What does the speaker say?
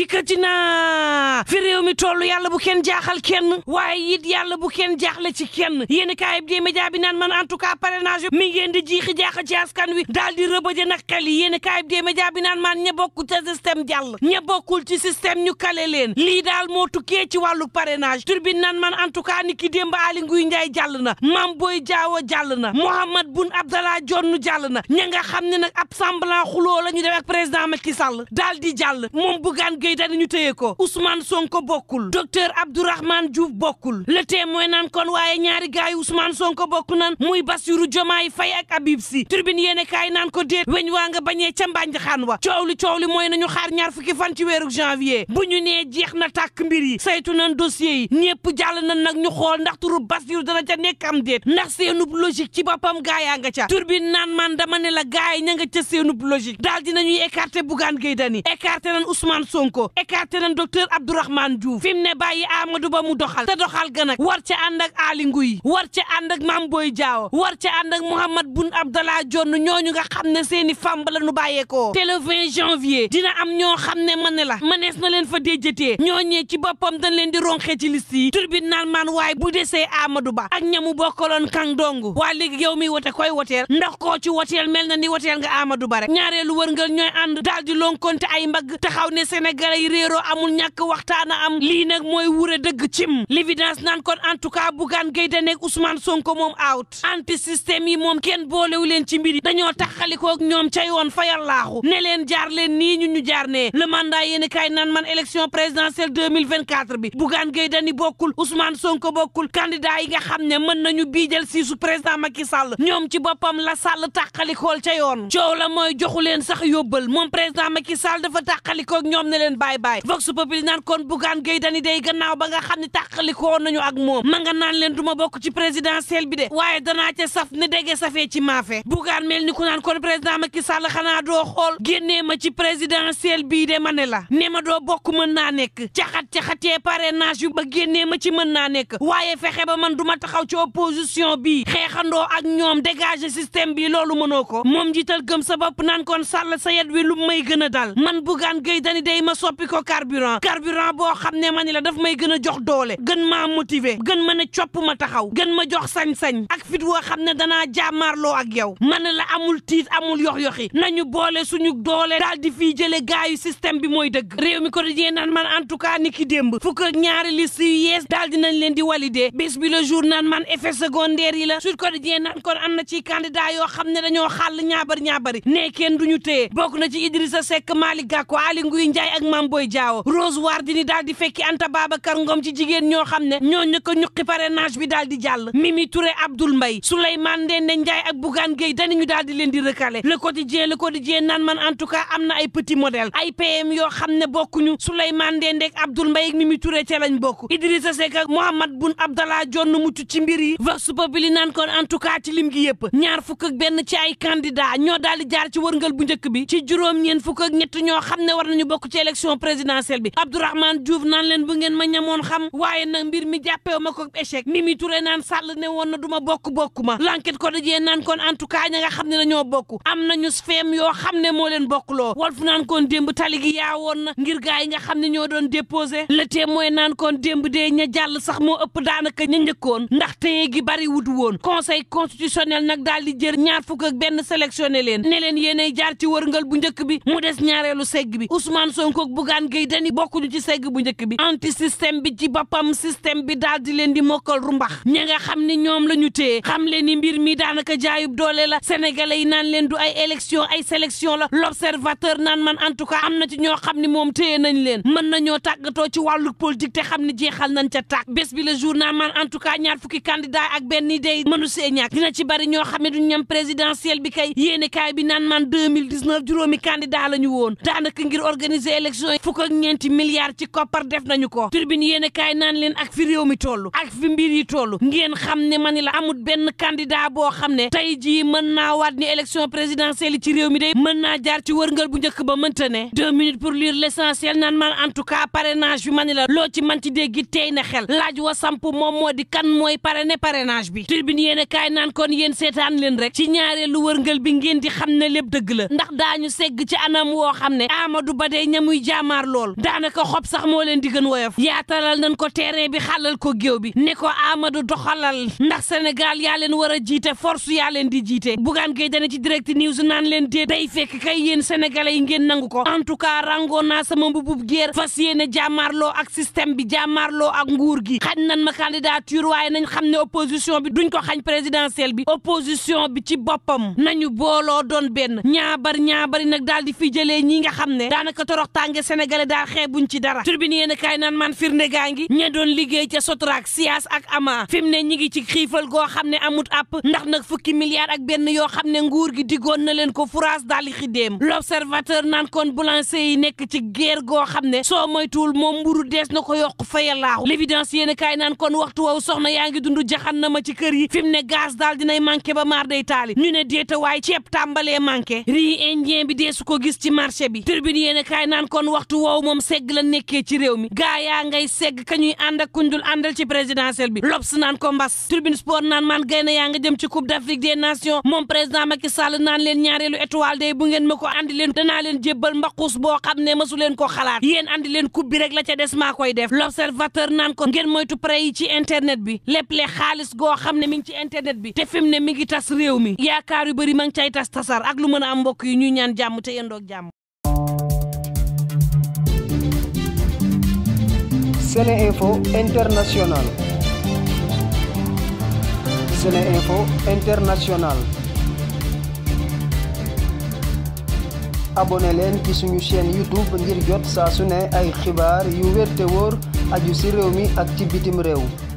dikkati na fi réew mi toll yàlla bu kenn jaaxal kenn waaye it yàlla bu kenn jaaxle ci kenn yéen kaay bi média bi naan man en tout cas parrainage mi ngeen di jiixi jaaxa ci askan wi daal di rëbëje nag xel yi yéen kaay bi média bi naan man ña bokkul ci système jàll ña bokkul ci ñu kale leen lii daal moo tukkee ci wàllu parrainage turbine naan man en tout cas ni ki démb Aly Ngouille Ndiaye jàll na Mame Boye Diao jàll na Mohamed Boun Abdallah Dionne jàll na ña nga xam ne nag ab semblant xuloo la ñu dem ak président Macky Sall daal di jàll këyit ñu téye ko Ousmane Sonko bokkul docteur Abdourahmane Diouf bokkul le mooy naan kon waaye ñaari gaay Ousmane Sonko bokk nan muy Bassirou Diomaye fay ak Habib Sy tribune yéene kaay naan ko déet weñ waa nga bañee ca mbànjaxaan wa coow li coow li mooy nañu xaar ñaar fukki fan ci weeru janvier bu ñu nee jeex na tàkk mbir yi saytu nan dossier yi ñépp jàll na nag ñu xool ndax turu Bassirou dana ca nekk am déet ndax seenub logique ci boppam gaayaa nga ca turbine naan man dama ne la gaay ña nga ca seenub na daal dinañuy écarté Bougane Gueye Dany écarté nan Ousmane Sonko ko écarté nañ docteur Abdourahmane Diouf ne bàyyi Amadou mu doxal te doxal ga nag war ca ànd ak Aly Ngouille war ca ànd ak Mame Boye Diao war ca ànd ak Mouhamed Boun Abdallah Dionne ñooñu nga xam ne seeni fàmb la nu bàyyeekoo te le 20 dina am ñoo xam ne ma ne la manees na leen fa déjjatee ñooñee ci boppam dañ leen di ronxee ci liste yi tribunal man waaye bu desee Amadou Ba ak ñamu bokkaloon kan dong waa léegi yow mi wote koy woteel ndax koo ci woteel mel na ni woteel nga Ba rek ñaareelu wërngal ñooy ànd sénégalais yi réeroo amul ñàkk waxtaan a am lii nag mooy wure dëgg cim l'évidence naan kon en tout cas Bougane Gueye Dany ak Ousmane Sonko moom out anti système yi moom kenn boolewu leen ci mbir yi dañoo taxalikook ñoom ca yoon fayal laaxu ne leen jaar leen nii ñu ñu jaar nee le mandat yéen kaay naan man élection présidentielle 2024 bi Bougane Gueye Dany bokkul Ousmane Sonko bokkul candidat yi nga xam ne mën nañu biijal si su président Macky Sall ñoom ci boppam la Sall taxalikool ca yoon coow la mooy joxu leen sax yóbbal moom président Macky Sall dafa leen bàyyi bàyyi vox populi naan kon Bougane Gueye day gannaaw ba nga xam ne tàqalikoo nañu ak moom ma nga naan leen duma bokk ci présidentielle bi de waaye danaa ca saf ne dégee safee ci maafe Bougane mel ni ku naan kon président Macky Sall xanaa doo xool génnee ma ci présidentielle bii de ma ne la ne ma doo bokk man naa nekk caxat caxatee parrainage yu ba génnee ma ci mën naa nekk waaye fexe ba man duma taxaw ci opposition bi xeexandoo ak ñoom dégager système bi loolu mënoo ko moom jiital gëm sa bopp naan kon Sall sa yet wi lu may gën a dal man soppi ko carburant carburant boo xam ne ma ni la daf may gën a jox doole gën maa motiver gën ma ne copp ma taxaw gën ma jox sañ-sañ ak fit woo xam ne danaa jaamaarloo ak yow man la amul tiit amul yox-yoxi nañu boole suñu doole daal di fii jële gaayu système bi mooy dëgg réew mi quotidien naan man en tout cas ni ki démb fukk ak ñaari liste yu yees daal dinañ leen di walidé bés bi le jour naan man effet secondaire yi la Sud Quotidien naan kon am na ci candidat yoo xam ne dañoo xàll ñaabar ñaabari ne kenn duñu téye bokk na ci Idrissa Seck Malick Gakou Aly Ngouille Ndiaye ak Mame Boye Diao Rose Wardini daal di fekki Anta Babacar Ngom ci jigéen ñoo xam ne ñoo ñu ko ñuqi parrainage bi daal di jàll Mimi Touré Abdoul Mbaye Souleymane Ndéné Ndiaye ak Bougane Gueye danañu daal di leen di recalé le quotidien le quotidien naan man en tout cas am na ay petit modèle ay PM yoo xam ne bokkuñu Souleymane Ndéné ak Abdoul Mbaye ak Mimi Touré ca lañ bokk Idrissa Seck ak Mohamed Boun jon Dionne mucc ci mbir yi vox populi naan kon en tout cas ci lim gi yëpp ñaar fukk ak benn ci ay ñoo daal di jaar ci wërngal bu njëkk bi ci juróom ñeen fukk ñett ñoo xam ne war nañu bokk ci élection présidentielle bi Abdourahmane Diouf naan leen bu ngeen ma ñamoon xam waaye nag mbir mi jàppewu ma ko mi Mimi Touré naan Sall ne woon na du ma bokk bokk ma l'enquête ko dajee nan kon en tout cas ña nga xam ne dañoo bokk am nañu feem yoo xam ne moo leen bokkuloo Walf naan kon démb tali gi yaawoon na ngir gaa yi nga xam ne ñoo doon déposé le témoin naan kon démb dee ña jàll sax moo ëpp daanaka ña njëkkoon ndax téye gi bari wut woon conseil constitutionnel nag daal di jër ñaar fu ak benn sélectionné leen ne leen yéenay jaar ci wërngal bu njëkk bi mu des ñaareelu segg bi ak Bougane Gueye Dany bokkuñu ci segg bu njëkk bi anti système bi ci boppam système bi daal di leen di mokkal rumbax ña nga xam ni ñoom la ñu téye xam leen ni mbir mi daanaka jaayub doole la sénégalais yi naan leen du ay élection ay sélection la l'observateur naan man en tout cas am na ci ñoo xam ni moom tee nañ leen mën nañoo tàggatoo ci wàllu politique te xam ni jeexal nañ ca tàkk bés bi le jour naan man en tout cas ñaar fukki candidat ak benn day mënu see ñàkk dina ci bari ñoo xam ne duñ ñam présidentiel bi kay yéene kaay bi naan man 2019 juróomi candidat la ñu woon daanaka ngir organiser élection institution yi fukk ak ñeenti milliards ci koppar def nañu ko turbine yéen a kaay naan leen ak fi réew mi toll ak fi mbir yi toll ngeen xam ne mani la amut benn candidat boo xam ne tey ji mën naa waat ni élection présidentielle ci réew mi day mën naa jaar ci wërngal bu njëkk ba mënta ne deux minutes pour lire l'essentiel naan man en tout cas parrainage bi mani la loo ci man ci dégg tey na xel laaj wa samp moom moo di kan mooy parrainé parrainage bi turbine yéen a kaay naan kon yéen leen rek ci ñaareelu wërngal bi ngeen di xam ne lépp dëgg la ndax daañu segg ci anam woo xam ne Amadou jaamaar lool daanaka xob sax moo leen di gën woyof yaatalal nañ ko terrain bi xàllal ko géew bi ne ko Amadou doxalal ndax Sénégal yaa leen war a jiite force yaa leen di jiite bugaan gay dana ci direct news naan leen dee day fekk kay yéen sénégalais yi ngeen nangu ko en tout cas rangoon naa sama mbubub géer fas yéene jaamaarloo ak système bi jaamaarloo ak nguur gi xañ nan ma candidature waaye nañ xam ne opposition bi duñ ko xañ présidentielle bi opposition bi ci boppam nañu booloo doon benn ñaabar ñaabari nag ñi nga naataange sénégalais daa xeebuñ ci dara turbine yéen a kaay naan man firnde gaa ngi ña doon liggéey fi mu ne ñi ngi ci xiifal goo xam ne amut àpp ndax nag fukki milliards ak benn yoo xam ne nguur gi diggoon na leen ko furaas daal di xiddeem l'observateur naan kon boulanger yi nekk ci guerre goo xam ne soo moytuwul moom mburu dees na ko yokk fayalaaxu l'évidence yéen kaay naan kon waxtu woowu soxna yaa ngi dund jaxan na ma ci kër yi fi mu ne gaz daal dinay manqué ba maar day taali ñu ne déeta waaye ceeb tàmbalee manqué riz indien bi deesu ko gis ci marché bi turbine yéen kaay naan kon kon waxtu woowu moom segg la nekkee ci réew mi gaa yaa ngay segg ka ñuy ànd ak kuñ dul àndal ci présidentielle bi lobs naan ko mbas tribune sport naan maan gaynde yaa nga jëm ci coupe d'Afrique des nations moom président Macky Sall naan leen ñaareelu étoile day bu ngeen ma ko andi leen danaa leen jébbal mbaxus boo xam ne masu leen ko xalaat yéen andi leen coupe bi rek la ca des maa koy def l'observateur naan ko ngeen moytu prêt ci internet bi lépp le xaalis goo xam ne mi ngi ci internet bi te fi ne mi ngi tas réew mi yaakaar yu bari ma ngi cay tas tasar ak lu mën a am mbokk yi ñuy ñaan jàmm te yendoog jàmm Sene Info International Sene leen ci suñu chaîne YouTube ngir jot saa su ne ay xibaar yu wér wor wóor aju ci réew mi ak ci bitim réew